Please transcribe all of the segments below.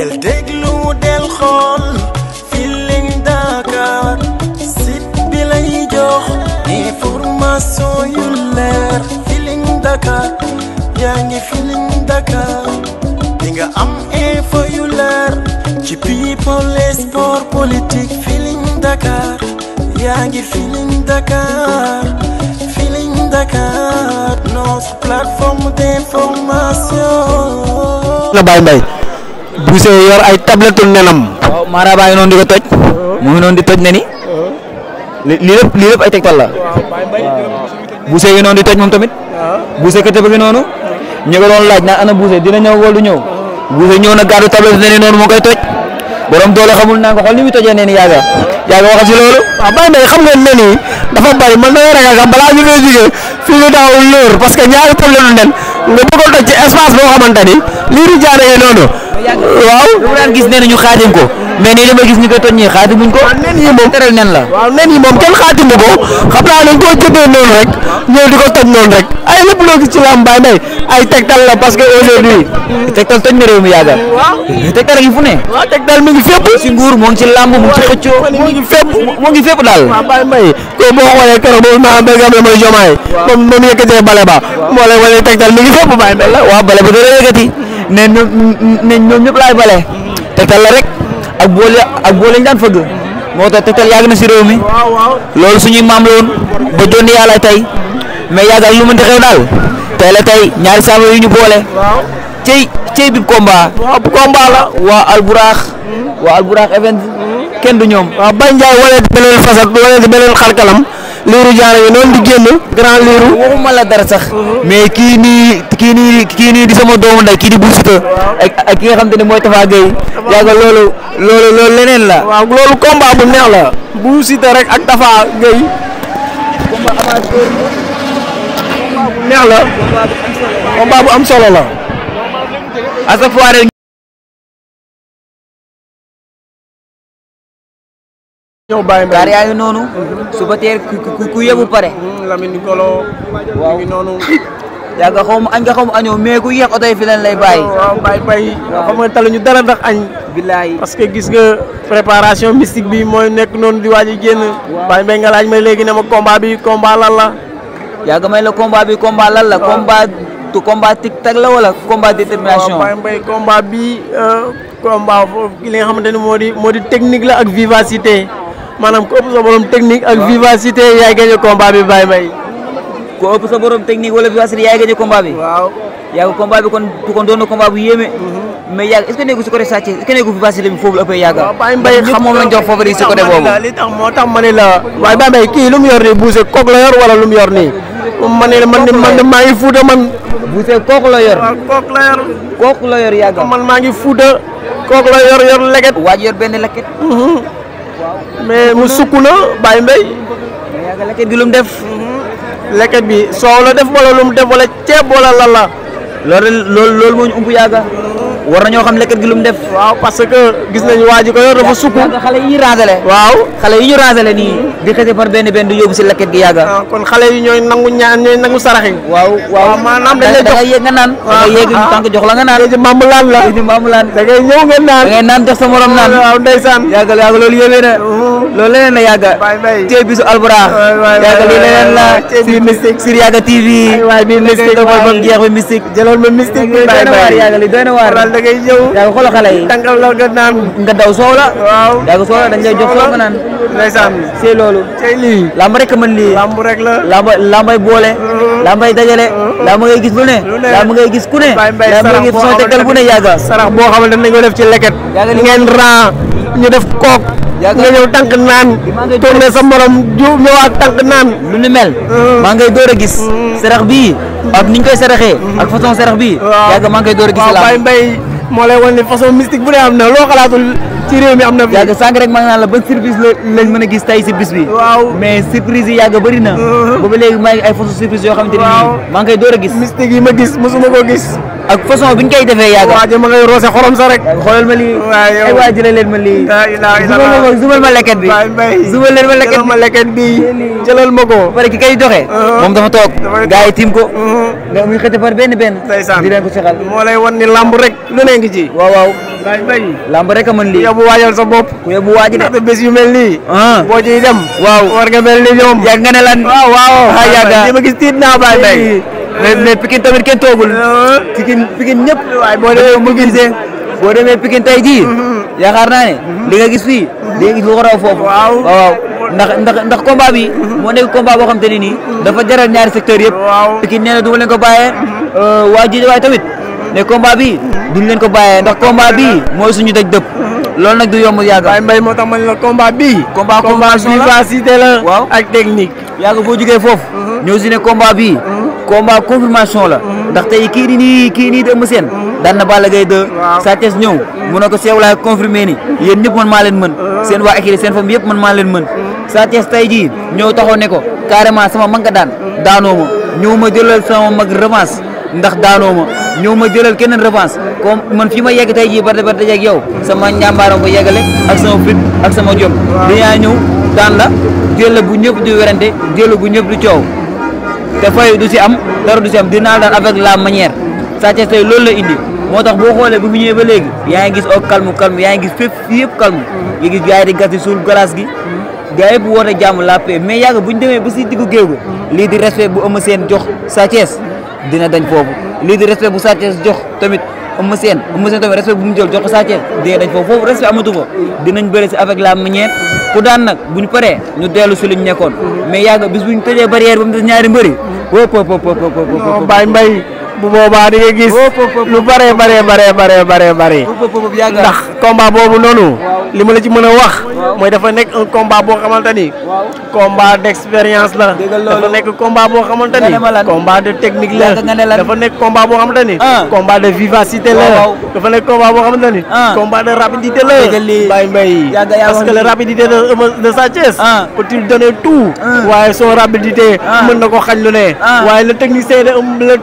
del déglu del xool Feeling Dakar site bi lay jox yu leer Feeling Dakar yaa ngi Feeling Dakar yu leer ci people et sport politique Feeling Dakar yaa ngi Dakar Feeling Dakar notre plateforme d'information. na Baye Mbaye. Boucher yor ay tablettu nenam. waaw Mara baa ngi noonu di ko toj. mu ngi di toj ne ni. li li lépp li lépp ay tegtal la. Boucher ngi di toj moom tamit. Boucher kër gi noonu. ñu ko doon laaj naan ana Boucher dina ñëw wala du ñëw. Boucher ñëw na gàddu tablettu ne noonu moo koy toj. borom doole xamul naa ko xool ni muy tojee ne ni yaaga yaaga waxal si loolu. waaw bay bay xam nga dafa bari man dama ragal sax balaa ñu koy jugee fii ñu daawul lóor parce que ñaari tablettu nen. nga bëgg a doj ci espace boo xamante ni liiru jaane yi noonu. waaw lu mu daan gis nee na ñu xaatim ko mais nii dama gis ñu koy toj ñii xaatimuñ ko. nen yi moom tëral nen la. nen yi moom kenn xaatimu ko xam naa dañ koo noonu rek ñëw di ko toj noonu rek ay lépp loo gis ci làmb Baye Mbaye ay tegtal la parce que aujourd'hui toj na réew mi yàggal. waaw tegtal a ngi fu ne. waaw ngi fépp. mu ngi ci daal. waaw Baye Mbaye. koo boo boobu maa bëgg am jomaay moom moom yëkkatee bale ba moo lay wane tegtal mi ngi fépp bàyyi mel la waaw yëkkati ne ne ñoom ñëpp laay bale tegtal la rek ak boole ak boole ñu daan fëgg moo tax tegtal yàgg na si réew mi loolu suñuy maam la ba jonni yàlla tey mais yàgg ak lu mënti xew daal tey la tey ñaari saama yu ñu boole cey cey bi combat ab la waa Alburax hmm. waa Alburax event hmm. kenn du ñoom hmm. waaw Baye Ndiaye wane beneen façon wane beneen xarkalam liiru jaana yi di génn grand liiru waxuma la dara sax mais kii nii kii nii kii di sama doomu nday kii di Bou ak ak ki nga xam te ne mooy Tapha Gueye yaaga loolu loolu leneen la waaw loolu combat bu neex la Bou Siteu rek ak Tapha Gueye combat amateur bu neex la combat bu am solo la ñëw bàyyi ma gaar yaa ngi noonu. suba teel ku yebu pare. yaa hmm, nga xaw ma añoo mais ku yéex oto yi lay bàyyi. waaw bàyyi xam nga taluñu dara ndax añ. parce que gis nga préparation mystique bi mooy nekk noonu di waaj a génn. waaw bàyyi mbay nga laaj ma léegi ne ma combat bi combat lan la. yaa nga may la wala combat détermination waaw mbay combat bi euh, combat li nga xamante moo di technique la ak vivacité. maanaam ku ëpp sa borom technique ak vivacité yaay gagné combat bi Baye May. ku ëpp sa borom wala vivacité yaay gagné combat bi. waaw yaa ko combat bi kon kon doon na combat bu yéeme. Mhm. mais yàgg est-ce que nekku si côté vivacité bi foofu la ëppee yàggal. waaw Baye moo tax ma ne la waaye kii lu mu yor nii bouse kook la yor wala lu yor nii. ma ne la man de man maa ngi fuuta man. bouse kook la yor. waaw kook la yor. kook man maa ngi fuuta kook la yor yor leket. waaj yor benn leket. Mhm. mais mu sukk na bàyyi mbéy. leket gi lu mu def. leket bi soow la def wala lu mu def wala ceeb wala lan la. loolu loolu loolu moo ñu yàgga war nañoo xam lekkat gi lu mu def. waaw parce que gis nañu waa ji ko yor dafa sukk. xale yi ñu raasale. waaw di xëse par benn benn di yóbbu si lekkat gi yàgga. Ah, kon xale yi ñooy nangu ñaan ñooy nangu sarax waaw waaw ah, maanaam dañ lay jox ah, da ngay yéeg nga naan. waaw da ngay yéeg ñu la nga naan. léegi mambulaan la léegi mambulaan. da ngay ñëw na. Uh-huh. loolu leneen la yàgga. waay waay tey bisu leneen na waar yàgga li doy na da ngay ñëw yaa ngi xoolal xale yi tàngal la nga naan nga daw soow la waaw yaa ngi soow la dañ lay jox soow nga naan ndeysaan c'est loolu tey lii lamb rek mën lii lamb rek la lamb lambay boole uh-huh. lambay dajale uh-huh. lamb ngay gis lu ne lamb ngay gis ku ne lamb ngay gis soo tegal bu ne yàgga sarax boo xamante ne dañ ko def ci leket ngeen raa ñu def kook nga ñëw tànk naan. tourné sa lu ni mel. Mm. maa ngay a gis. Mm. sarax bii ak ni ñu koy mm. ak façon sarax bii. yàgg maa ngay door gis. la mbay moo lay wan ni façon mystique bu dee am na loo xalaatul ci réew mi am na. yàgg sànq rek maa ngi naan la ban surprise lañ mën a gis tay si bi. waaw mais surprise yi yàgg bëri na. Mm-hmm. ba ba ay façon surprise yoo xamante ne nii. maa ngay door a gis. mystique yi ma gis mosuma koo gis. ak façon bi ñu koy defee yàgg. waaw ma ngay roose xorom sa rek. xoolal ma lii ay waa jëlee leen ma lii. zumal ma leket bi zumal leen ma leket bi jëlal ma leket bi jëlal ma ko. pare ki kay joxe. Uh-huh. moom dafa toog gars yi tiim ko. Uh-huh. nga muy xëte par benn benn. di leen ko saxal moo lay wan ni lamb rek lu ne ngi ci. waaw waaw. laay bay lamb rek a mën lii. ku yóbbu waajal sa bopp. ku yóbbu waaji de ndax bés yu mel nii. Ah. boo ciy dem. waaw war nga mel ni ñoom. yàgg nga ne lan. waaw waaw. Ah, yàgg li ma gis tiit naa baay bay mais mais tamit kenn toogul. Ah. Pikine Pikine ñëpp. waaye boo demee mu gisee boo demee Pikine tey jii. Mm-hmm. yaakaar naa ne. li nga gis fii. li nga gis lu waaw ndax ndax ndax combat bi. Mm-hmm. moo nekk combat boo xam te ne nii. dafa jaral ñaari secteur yëpp. waaw Pikine nee na du ma leen ko bàyyee. Mm-hmm. Euh, waa Guédiawaye tamit. ne combat bi duñ leen ko bàyyee ndax combat bi mooy suñu daj dëpp. loolu nag du yomb yàgg. waaye mbay moo tax ma ne la combat bii. combat combat vivacité la waaw ak technique. yàgg boo jugee foofu. Mhm. ñoo si ne combat bii. Mhm. combat confirmation la. Mhm. ndax tey kii nii nii kii nii dem seen. daan na Balla Gaye 2. waaw Sa Thiès ñëw. mu a ko seew laa confirmé ni. yéen ñëpp man maa leen mën. seen waa équipe seen famille yëpp man maa leen mën. Sa Thiès tey jii ñëw taxaw ne ko carrément sama mag nga daan. daanoo ma ñëw ma jëlal sama mag revanche ndax daanoo ñëw ma jëlal keneen revanche comme man fi ma yegg tey jii bari bari ak yow sama njàmbaaram ko yeggale ak sama fit ak sama jom dañaa ñëw daan la jël la bu ñëpp di werante jël bu ñëpp du coow te fay du si am dara du si am dinaa daan avec la manière Sa Thiès tey loolu la indi moo tax boo xoolee bu mu ñëwee ba léegi yaa ngi gis oo calme calme yaa ngi gis fépp fii yëpp calme nga gis gars yi di gas suul glace gi gars yëpp woote jàmm la paix mais yàgg bu ñu demee ba si diggu géew ga lii di respect bu Eumeu jox Sa dina dañ foofu lii di respect bu Sa Thiès jox tamit Eumeu Sène Eumeu Sène respect bu mu jël jox Sa Thiès dina dañ foofu foofu respect amatu fa dinañ bëri si avec la manière ku daan nag bu ñu paree ñu dellu si luñ nekkoon mais yàgg bis bu ñu tëjee barrière ba mu ñaari mbëri. wóop wóop wóop wóop wóop wóop. Baye Mbaye. bu boobaa di nga gis lu bare bare bare bare bare bare ndax combat boobu noonu li ma la ci mën a wax mooy dafa nekk un combat boo xamante ni la dafa nekk combat boo xamante ni combat de technique la dafa nekk combat boo xamante ni ah. combat de vivacité la dafa nekk combat boo xamante ni ah. combat de rapidité la Baye Mbaye parce que la rapidité de de Sa ah. il donner tout waaye son rapidité mën na ko xañ lu ne waaye le technicien le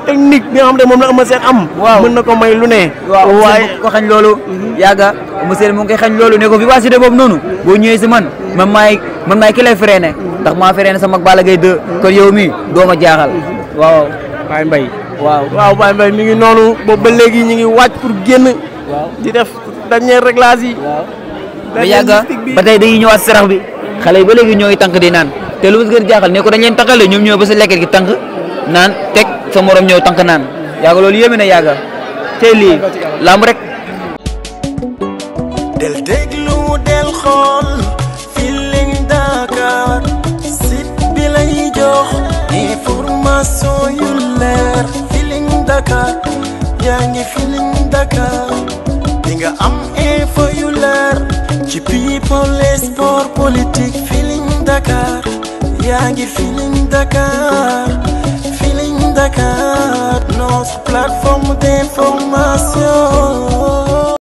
technique nga moom la Eumeu Sène am. waaw mën na ko may lu ne. waaw waaye ko xañ loolu. yàgga Eumeu Sène mu ngi koy xañ loolu ne ko vivacité boobu noonu. boo ñëwee si man man maay man maay ki lay freiné. ndax maa freiné sama Balla Gaye 2. kon yow mii doo ma jaaxal. waaw Baye Mbaye. waaw waaw Baye Mbaye mi ngi noonu boobu ba léegi ñu ngi waaj pour génn. waaw di def dernier réglage yi. waaw ba yàgga ba tey dañuy ñëwaat sarax bi. xale yi ba léegi ñooy tànk di naan te lu gën jaaxal ne ko dañ leen tànqale ñoom ñëw ba si lekket gi tànk naan teg sa morom ñëw tànk naan yàgg loolu yéeme na yàgg tey lii làmb rek. del déglu del xool Feeling Dakar site bi lay jox information leer Feeling Dakar yaa ngi Dakar di am info yu leer ci people et sport politique Feeling Dakar yaa ngi Dakar Feeling Dakar. plateforme d'information